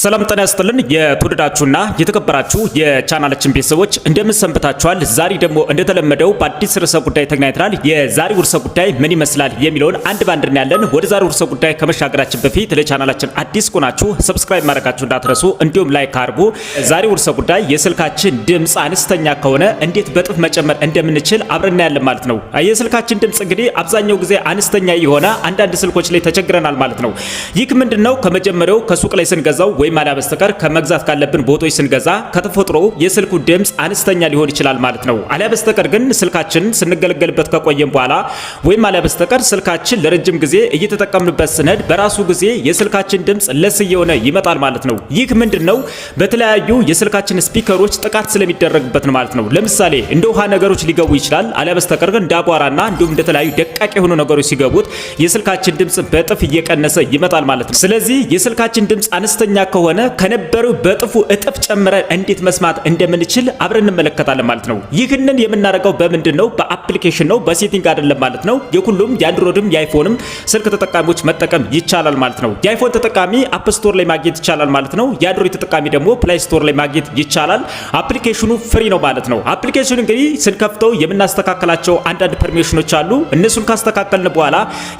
ሰላም ጤና ይስጥልን። የተወደዳችሁና የተከበራችሁ የቻናላችን ቤተሰቦች እንደምን ሰንብታችኋል? ዛሬ ደግሞ እንደተለመደው በአዲስ ርዕሰ ጉዳይ ተገናኝተናል። የዛሬው ርዕሰ ጉዳይ ምን ይመስላል የሚለውን አንድ ባንድ እናያለን። ወደ ዛሬው ርዕሰ ጉዳይ ከመሻገራችን በፊት ለቻናላችን አዲስ ከሆናችሁ ሰብስክራይብ ማድረጋችሁ እንዳትረሱ፣ እንዲሁም ላይክ አድርጉ። ዛሬው ርዕሰ ጉዳይ የስልካችን ድምፅ አነስተኛ ከሆነ እንዴት በጥፍ መጨመር እንደምንችል አብረን እናያለን ማለት ነው። የስልካችን ድምፅ እንግዲህ አብዛኛው ጊዜ አነስተኛ የሆነ አንዳንድ ስልኮች ላይ ተቸግረናል ማለት ነው። ይህ ምንድን ነው? ከመጀመሪያው ከሱቅ ላይ ስንገዛው ወይም ካልማዳ በስተቀር ከመግዛት ካለብን ቦቶች ስንገዛ ከተፈጥሮ የስልኩ ድምፅ አነስተኛ ሊሆን ይችላል ማለት ነው። አሊያ በስተቀር ግን ስልካችን ስንገለገልበት ከቆየም በኋላ ወይም አሊያ በስተቀር ስልካችን ለረጅም ጊዜ እየተጠቀምንበት ስነድ በራሱ ጊዜ የስልካችን ድምፅ ለስ እየሆነ ይመጣል ማለት ነው። ይህ ምንድን ነው? በተለያዩ የስልካችን ስፒከሮች ጥቃት ስለሚደረግበት ነው ማለት ነው። ለምሳሌ እንደ ውሃ ነገሮች ሊገቡ ይችላል። አሊያ በስተቀር ግን እንደ አቧራና እንዲሁም እንደተለያዩ ደቃቅ የሆኑ ነገሮች ሲገቡት የስልካችን ድምፅ በጥፍ እየቀነሰ ይመጣል ማለት ነው። ስለዚህ የስልካችን ድምፅ አነስተኛ ከሆነ ከነበረው በጥፉ እጥፍ ጨምረን እንዴት መስማት እንደምንችል አብረን እንመለከታለን ማለት ነው። ይህንን የምናደርገው በምንድን ነው? በአፕሊኬሽን ነው፣ በሴቲንግ አይደለም ማለት ነው። የሁሉም የአንድሮይድም የአይፎንም ስልክ ተጠቃሚዎች መጠቀም ይቻላል ማለት ነው። የአይፎን ተጠቃሚ አፕ ስቶር ላይ ማግኘት ይቻላል ማለት ነው። የአንድሮይድ ተጠቃሚ ደግሞ ፕላይ ስቶር ላይ ማግኘት ይቻላል። አፕሊኬሽኑ ፍሪ ነው ማለት ነው። አፕሊኬሽኑ እንግዲህ ስንከፍተው የምናስተካከላቸው አንዳንድ ፐርሚሽኖች አሉ። እነሱን ካስተካከልን በኋላ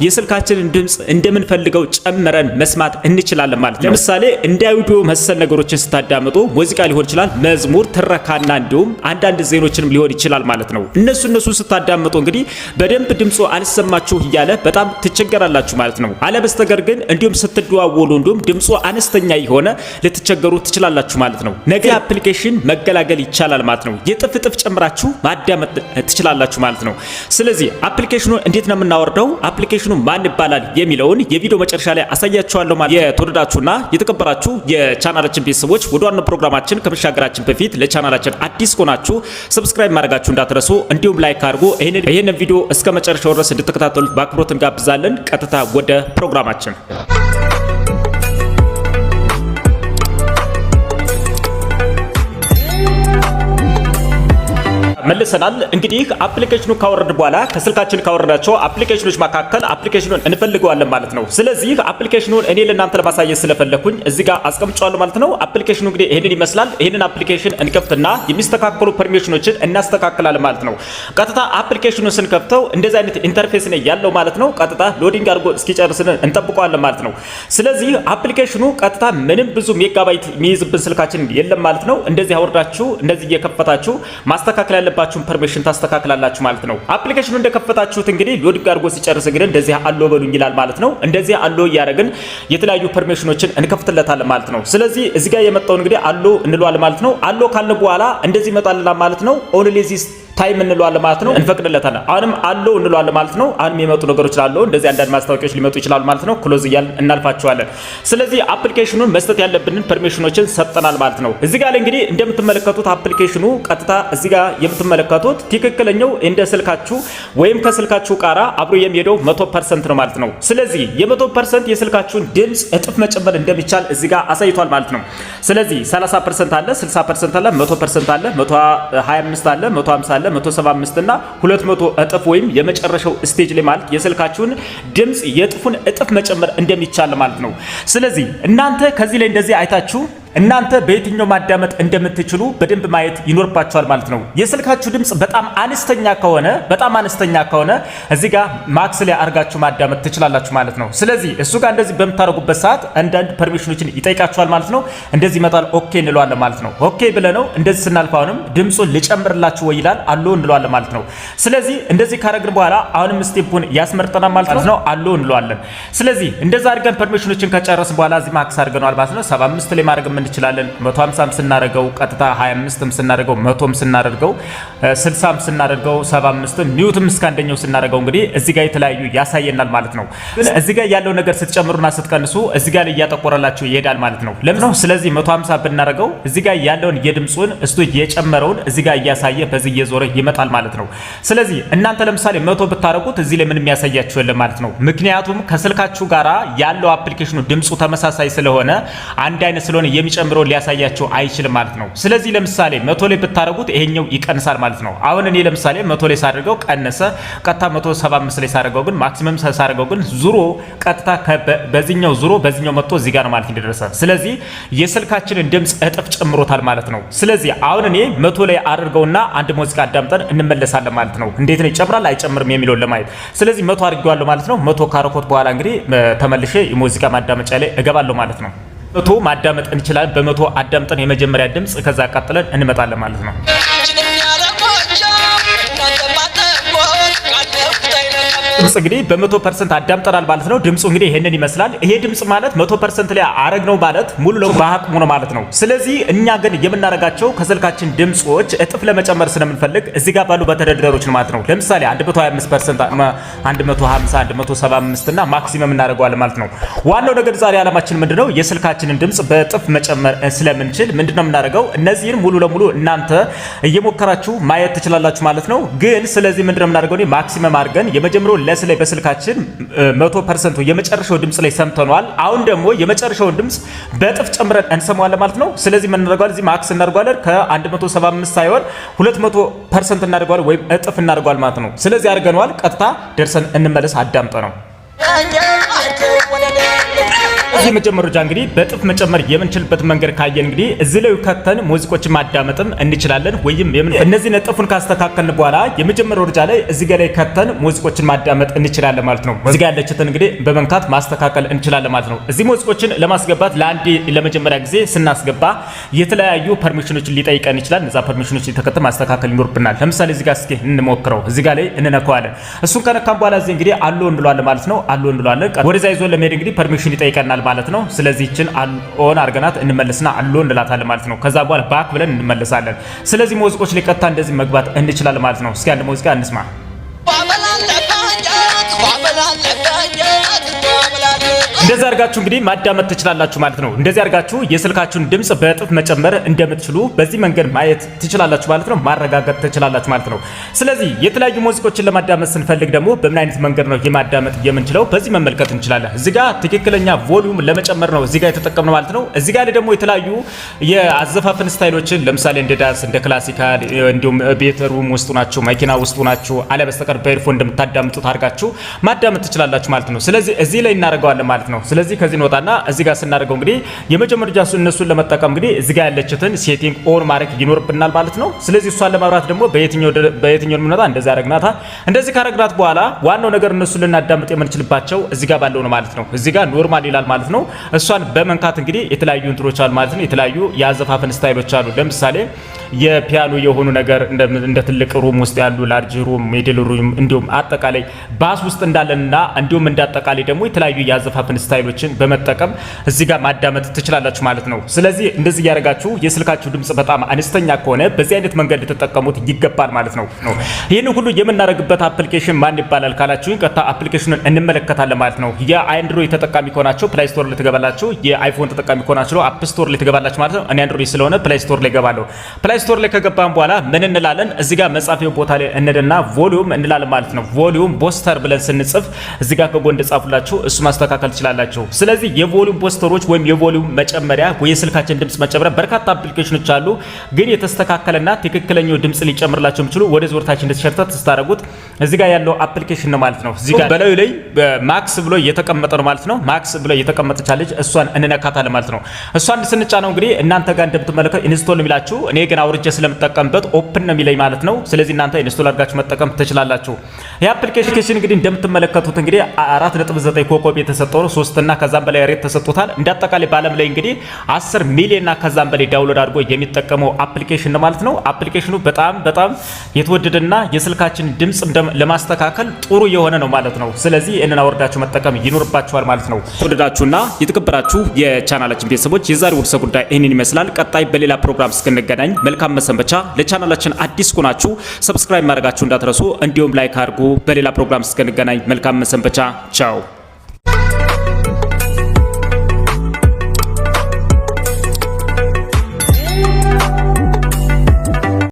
የስልካችንን ድምፅ እንደምንፈልገው ጨምረን መስማት እንችላለን ማለት ነው። ለምሳሌ እንደ የተለያዩ መሰል ነገሮችን ስታዳምጡ ሙዚቃ ሊሆን ይችላል፣ መዝሙር፣ ትረካና እንዲሁም አንዳንድ ዜኖችንም ሊሆን ይችላል ማለት ነው። እነሱ እነሱ ስታዳምጡ እንግዲህ በደንብ ድምፁ አልሰማችሁ እያለ በጣም ትቸገራላችሁ ማለት ነው። አለበስተገር ግን እንዲሁም ስትደዋወሉ እንዲሁም ድምፁ አነስተኛ የሆነ ልትቸገሩ ትችላላችሁ ማለት ነው። ነገ አፕሊኬሽን መገላገል ይቻላል ማለት ነው። የጥፍ ጥፍ ጨምራችሁ ማዳመጥ ትችላላችሁ ማለት ነው። ስለዚህ አፕሊኬሽኑ እንዴት ነው የምናወርደው፣ አፕሊኬሽኑ ማን ይባላል የሚለውን የቪዲዮ መጨረሻ ላይ አሳያችኋለሁ ማለት የተወደዳችሁና የተከበራችሁ የቻናላችን ቤተሰቦች ወደ ዋና ፕሮግራማችን ከመሻገራችን በፊት ለቻናላችን አዲስ ከሆናችሁ ሰብስክራይብ ማድረጋችሁ እንዳትረሱ፣ እንዲሁም ላይክ አድርጉ። ይህንን ቪዲዮ እስከ መጨረሻው ድረስ እንድትከታተሉት በአክብሮት እንጋብዛለን። ቀጥታ ወደ ፕሮግራማችን መልሰናል። እንግዲህ አፕሊኬሽኑ ካወረድ በኋላ ከስልካችን ካወረዳቸው አፕሊኬሽኖች መካከል አፕሊኬሽኑን እንፈልገዋለን ማለት ነው። ስለዚህ አፕሊኬሽኑን እኔ ለእናንተ ለማሳየት ስለፈለኩኝ እዚህ ጋር አስቀምጫለሁ ማለት ነው። አፕሊኬሽኑ እንግዲህ ይህንን ይመስላል። ይህንን አፕሊኬሽን እንከፍትና የሚስተካከሉ ፐርሚሽኖችን እናስተካክላለን ማለት ነው። ቀጥታ አፕሊኬሽኑን ስንከፍተው እንደዚህ አይነት ኢንተርፌስ ያለው ማለት ነው። ቀጥታ ሎዲንግ አድርጎ እስኪጨርስን እንጠብቀዋለን ማለት ነው። ስለዚህ አፕሊኬሽኑ ቀጥታ ምንም ብዙ ሜጋባይት የሚይዝብን ስልካችን የለም ማለት ነው። እንደዚህ አወርዳችሁ እንደዚህ እየከፈታችሁ ማስተካከል ያለበት የገባችሁን ፐርሚሽን ታስተካክላላችሁ ማለት ነው። አፕሊኬሽኑ እንደከፈታችሁት እንግዲህ ሎድ አድርጎ ሲጨርስ ግን እንደዚህ አሎ በሉኝ ይላል ማለት ነው። እንደዚህ አሎ እያደረግን የተለያዩ ፐርሚሽኖችን እንከፍትለታለን ማለት ነው። ስለዚህ እዚህ ጋር የመጣው እንግዲህ አሎ እንለዋል ማለት ነው። አሎ ካልን በኋላ እንደዚህ ይመጣልናል ማለት ነው ኦንሊ ዚስ ታይም እንለዋለን ማለት ነው፣ እንፈቅድለታለን። አሁንም አለው እንለዋለን ማለት ነው። አሁንም የመጡ ነገሮች ላለው እንደዚህ አንዳንድ ማስታወቂያዎች ሊመጡ ይችላሉ ማለት ነው። ክሎዝ እያል እናልፋቸዋለን። ስለዚህ አፕሊኬሽኑን መስጠት ያለብንን ፐርሚሽኖችን ሰጠናል ማለት ነው። እዚህ ጋር እንግዲህ እንደምትመለከቱት አፕሊኬሽኑ ቀጥታ እዚህ ጋር የምትመለከቱት ትክክለኛው እንደ ስልካችሁ ወይም ከስልካችሁ ጋራ አብሮ የሚሄደው ፐርሰንት ነው ማለት ነው። ስለዚህ የመቶ ፐርሰንት የስልካችሁን ድምጽ እጥፍ መጨመር እንደሚቻል እዚህ ጋር አሳይቷል ማለት ነው። ስለዚህ 30% አለ፣ 60% አለ፣ ፐርሰንት አለ፣ 125 አለ፣ 150 አለ አለ 175 እና 200 እጥፍ ወይም የመጨረሻው ስቴጅ ላይ ማለት የስልካችሁን ድምፅ የጥፉን እጥፍ መጨመር እንደሚቻል ማለት ነው። ስለዚህ እናንተ ከዚህ ላይ እንደዚህ አይታችሁ እናንተ በየትኛው ማዳመጥ እንደምትችሉ በደንብ ማየት ይኖርባቸዋል ማለት ነው። የስልካችሁ ድምፅ በጣም አነስተኛ ከሆነ በጣም አነስተኛ ከሆነ እዚህ ጋር ማክስ ላይ አድርጋችሁ ማዳመጥ ትችላላችሁ ማለት ነው። ስለዚህ እሱ ጋር እንደዚህ በምታደርጉበት ሰዓት አንዳንድ ፐርሚሽኖችን ይጠይቃችኋል ማለት ነው። እንደዚህ ይመጣል፣ ኦኬ እንለዋለን ማለት ነው። ኦኬ ብለህ ነው እንደዚህ ስናልፍ አሁንም ድምፁን ልጨምርላችሁ ወይ ይላል፣ አሎ እንለዋለን ማለት ነው። ስለዚህ እንደዚህ ካረግን በኋላ አሁንም ስቴፑን ያስመርጠናል ማለት ነው። አሎ እንለዋለን። ስለዚህ እንደዛ አድርገን ፐርሚሽኖችን ከጨረስን በኋላ እዚህ ማክስ አድርገናል ማለት ነው። 75 ላይ ማድረግ እንችላለን። 150ም ስናደርገው ቀጥታ 25ም ስናደርገው 100ም ስናደርገው 60ም ስናደርገው 75ም ኒውትም እስከ አንደኛው ስናደርገው እንግዲህ እዚህ ጋር የተለያዩ ያሳየናል ማለት ነው። እዚህ ጋር ያለው ነገር ስትጨምሩና ስትቀንሱ እዚህ ጋር እያጠቆረላችሁ ይሄዳል ማለት ነው። ለምን ነው? ስለዚህ 150 ብናደርገው እዚህ ጋር ያለውን የድምጹን እስቱ የጨመረውን እዚህ ጋር እያሳየ በዚህ እየዞረ ይመጣል ማለት ነው። ስለዚህ እናንተ ለምሳሌ 100 ብታረቁት እዚህ ላይ ምንም ያሳያችሁ የለም ማለት ነው። ምክንያቱም ከስልካችሁ ጋራ ያለው አፕሊኬሽኑ ድምጹ ተመሳሳይ ስለሆነ አንድ አይነት ስለሆነ የሚጨ ጨምሮ ሊያሳያቸው አይችልም ማለት ነው። ስለዚህ ለምሳሌ መቶ ላይ ብታደርጉት ይሄኛው ይቀንሳል ማለት ነው። አሁን እኔ ለምሳሌ መቶ ላይ ሳደርገው ቀነሰ፣ ቀጥታ አምስት ላይ ሳደርገው ግን ማክሲመም ሳደርገው ግን ዙሮ ቀጥታ በዚኛው ዙሮ በዚኛው መጥቶ እዚህ ጋር ማለት እንደደረሰ፣ ስለዚህ የስልካችንን ድምፅ እጥፍ ጨምሮታል ማለት ነው። ስለዚህ አሁን እኔ መቶ ላይ አድርገውና አንድ ሙዚቃ አዳምጠን እንመለሳለን ማለት ነው። እንዴት ነው ይጨምራል አይጨምርም የሚለውን ለማየት ስለዚህ መቶ አድርጌዋለሁ ማለት ነው። መቶ ካረኮት በኋላ እንግዲህ ተመልሼ የሙዚቃ ማዳመጫ ላይ እገባለሁ ማለት ነው። መቶ ማዳመጥ እንችላለን። በመቶ አዳምጠን የመጀመሪያ ድምፅ ከዛ ቀጥለን እንመጣለን ማለት ነው። ድምጽ እንግዲህ በመቶ ፐርሰንት አዳምጠናል ማለት ነው። ድምፁ እንግዲህ ይሄንን ይመስላል። ይሄ ድምጽ ማለት መቶ ፐርሰንት ላይ አረግ ነው ማለት ሙሉ ነው በአቅሙ ነው ማለት ነው። ስለዚህ እኛ ግን የምናረጋቸው ከስልካችን ድምፆች እጥፍ ለመጨመር ስለምንፈልግ እዚህ ጋር ባሉ በተደርደሮች ማለት ነው። ለምሳሌ 125 175 እና ማክሲመም እናደርገዋለን ማለት ነው። ዋናው ነገር ዛሬ ዓላማችን ምንድነው? የስልካችንን ድምጽ በእጥፍ መጨመር ስለምንችል ምንድነው የምናደርገው? እነዚህን ሙሉ ለሙሉ እናንተ እየሞከራችሁ ማየት ትችላላችሁ ማለት ነው። ግን ስለዚህ ምንድነው የምናደርገው ማክሲመም አድርገን የመጀመሪያው ለስ ላይ በስልካችን 100% የመጨረሻው ድምፅ ላይ ሰምተነዋል። አሁን ደግሞ የመጨረሻውን ድምፅ በጥፍ ጨምረን እንሰማዋለን ማለት ነው። ስለዚህ ምን እናደርገዋለን? እዚህ ማክስ እናደርገዋለን። ከ175 ሳይሆን 200% እናደርገዋለን ወይም እጥፍ እናደርገዋለን ማለት ነው። ስለዚህ አድርገነዋል። ቀጥታ ደርሰን እንመለስ። አዳምጠ ነው እዚህ መጀመሪያ እንግዲህ በጥፍ መጨመር የምንችልበት መንገድ ካየን እንግዲህ እዚህ ላይ ከተን ሙዚቆችን ማዳመጥም እንችላለን። ወይም የምን እነዚህ ነጥፉን ካስተካከልን በኋላ የመጀመሪያ ደረጃ ላይ እዚህ ጋ ላይ ከተን ሙዚቆችን ማዳመጥ እንችላለን ማለት ነው። እዚህ ጋ ያለችትን እንግዲህ በመንካት ማስተካከል እንችላለን ማለት ነው። እዚህ ሙዚቆችን ለማስገባት ለአንድ ለመጀመሪያ ጊዜ ስናስገባ የተለያዩ ፐርሚሽኖችን ሊጠይቀን ይችላል። እነዛ ፐርሚሽኖች የተከተል ማስተካከል ይኖርብናል። ለምሳሌ እዚህ ጋ እስኪ እንሞክረው። እዚህ ጋ ላይ እንነካዋለን። እሱን ከነካም በኋላ እዚህ እንግዲህ አሎ እንለዋለን ማለት ነው። አሎ እንለዋለን። ወደዛ ይዞ ለመሄድ እንግዲህ ፐርሚሽን ይጠይቀናል ማለት ነው። ይችን ኦን አርገናት እንመልስና አሎ እንላታለን ማለት ነው። ከዛ በኋላ ባክ ብለን እንመልሳለን። ስለዚህ ሙዚቆች ላይ ቀጥታ እንደዚህ መግባት እንችላለን ማለት ነው። እስኪ አንድ ሙዚቃ እንስማ። እንደዚህ አድርጋችሁ እንግዲህ ማዳመጥ ትችላላችሁ ማለት ነው። እንደዚህ አድርጋችሁ የስልካችሁን ድምጽ በእጥፍ መጨመር እንደምትችሉ በዚህ መንገድ ማየት ትችላላችሁ ማለት ነው። ማረጋገጥ ትችላላችሁ ማለት ነው። ስለዚህ የተለያዩ ሙዚቃዎችን ለማዳመጥ ስንፈልግ ደግሞ በምን አይነት መንገድ ነው የማዳመጥ የምንችለው? በዚህ መመልከት እንችላለን። እዚህ ጋር ትክክለኛ ቮሊዩም ለመጨመር ነው እዚህ ጋር የተጠቀምነው ማለት ነው። እዚህ ጋር ደግሞ የተለያዩ የአዘፋፈን ስታይሎችን ለምሳሌ እንደ ዳንስ፣ እንደ ክላሲካል እንዲሁም ቤት ውስጡ ናችሁ፣ መኪና ውስጡ ናችሁ አለ በስተቀር በኤርፎን እንደምታዳምጡት አድርጋችሁ ማዳመጥ ትችላላችሁ ማለት ነው። ስለዚህ እዚህ ላይ እናደርገዋለን ማለት ነው። ነው። ስለዚህ ከዚህ እንወጣና እዚህ ጋር ስናደርገው እንግዲህ የመጀመሪያ ጃሱ እነሱን ለመጠቀም እንግዲህ እዚህ ጋር ያለችትን ሴቲንግ ኦን ማድረግ ይኖርብናል ማለት ነው። ስለዚህ እሷን ለማብራት ደግሞ በየትኛው በየትኛው ምንወጣ እንደዚህ አረግናታ። እንደዚህ ካረግናት በኋላ ዋናው ነገር እነሱን ልናዳምጥ የምንችልባቸው እዚህ ጋር ባለው ነው ማለት ነው። እዚህ ጋር ኖርማል ይላል ማለት ነው። እሷን በመንካት እንግዲህ የተለያዩ እንትሮች አሉ ማለት ነው። የተለያዩ የአዘፋፈን ስታይሎች አሉ። ለምሳሌ የፒያኖ የሆኑ ነገር እንደ ትልቅ ሩም ውስጥ ያሉ ላርጅ ሩም፣ ሜድል ሩም እንዲሁም አጠቃላይ ባስ ውስጥ እንዳለንና እንዲሁም እንዳጠቃላይ ደግሞ የተለያዩ የአዘፋፈን ስታይሎችን በመጠቀም እዚህ ጋር ማዳመጥ ትችላላችሁ ማለት ነው። ስለዚህ እንደዚህ እያደረጋችሁ የስልካችሁ ድምፅ በጣም አነስተኛ ከሆነ በዚህ አይነት መንገድ ልትጠቀሙት ይገባል ማለት ነው። ይህን ሁሉ የምናደርግበት አፕሊኬሽን ማን ይባላል ካላችሁ ቀጥታ አፕሊኬሽኑን እንመለከታለን ማለት ነው። የአንድሮይድ ተጠቃሚ ከሆናችሁ ፕላይ ስቶር የአይፎን ተጠቃሚ ከሆናችሁ አፕ ስቶር ላይ ማለት ነው። እኔ አንድሮይድ ስለሆነ ፕላይ ስቶር ላይ እገባለሁ። ፕላይ ስቶር ላይ ከገባን በኋላ ምን እንላለን? እዚህ ጋር መጻፊያው ቦታ ላይ እንደና ቮሊዩም እንላለን ማለት ነው። ቮሊዩም ቦስተር ብለን ስንጽፍ እዚህ ጋር ከጎን እንደጻፉላችሁ እሱ ማስተካከል ትችላላችሁ። ትችላላችሁ። ስለዚህ የቮሉም ቦስተሮች ወይም የቮሉም መጨመሪያ ወይ የስልካችን ድምጽ መጨመሪያ በርካታ አፕሊኬሽኖች አሉ። ግን የተስተካከለና ትክክለኛው ድምጽ ሊጨምርላቸው የሚችሉ ወደ ዞርታችን እንደተሸርተት ስታደረጉት እዚህ ጋር ያለው አፕሊኬሽን ነው ማለት ነው። እዚህ ጋር በላዩ ላይ ማክስ ብሎ እየተቀመጠ ነው ማለት ነው። ማክስ ብሎ እየተቀመጠቻለች እሷን እንነካታለን ማለት ነው። እሷን ስንጫ ነው እንግዲህ እናንተ ጋር እንደምትመለከቱ ኢንስቶል የሚላችሁ እኔ ግን አውርጄ ስለምጠቀምበት ኦፕን ነው የሚለኝ ማለት ነው። ስለዚህ እናንተ ኢንስቶል አድርጋችሁ መጠቀም ትችላላችሁ። ይህ አፕሊኬሽን እንግዲህ እንደምትመለከቱት እንግዲህ 4.9 ኮከብ የተሰጠው ነው። እና ከዛም በላይ ሬት ተሰጥቶታል። እንዳጠቃላይ በዓለም ላይ እንግዲህ 10 እና ከዛም በላይ ዳውንሎድ አድርጎ የሚጠቀመው አፕሊኬሽን ማለት ነው። አፕሊኬሽኑ በጣም በጣም የተወደደና የስልካችን ድምጽ ለማስተካከል ጥሩ የሆነ ነው ማለት ነው። ስለዚህ እንን አወርዳችሁ መጠቀም ይኖርባችኋል ማለት ነው። ተወደዳችሁና የተከበራችሁ የቻናላችን ቤተሰቦች የዛሬው ርዕሰ ጉዳይ ይህንን ይመስላል። ቀጣይ በሌላ ፕሮግራም እስክንገናኝ መልካም መሰንበቻ። ለቻናላችን አዲስ ከሆናችሁ ሰብስክራይብ ማድረጋችሁ እንዳትረሱ፣ እንዲሁም ላይክ አድርጉ። በሌላ ፕሮግራም እስክንገናኝ መልካም መሰንበቻ። ቻው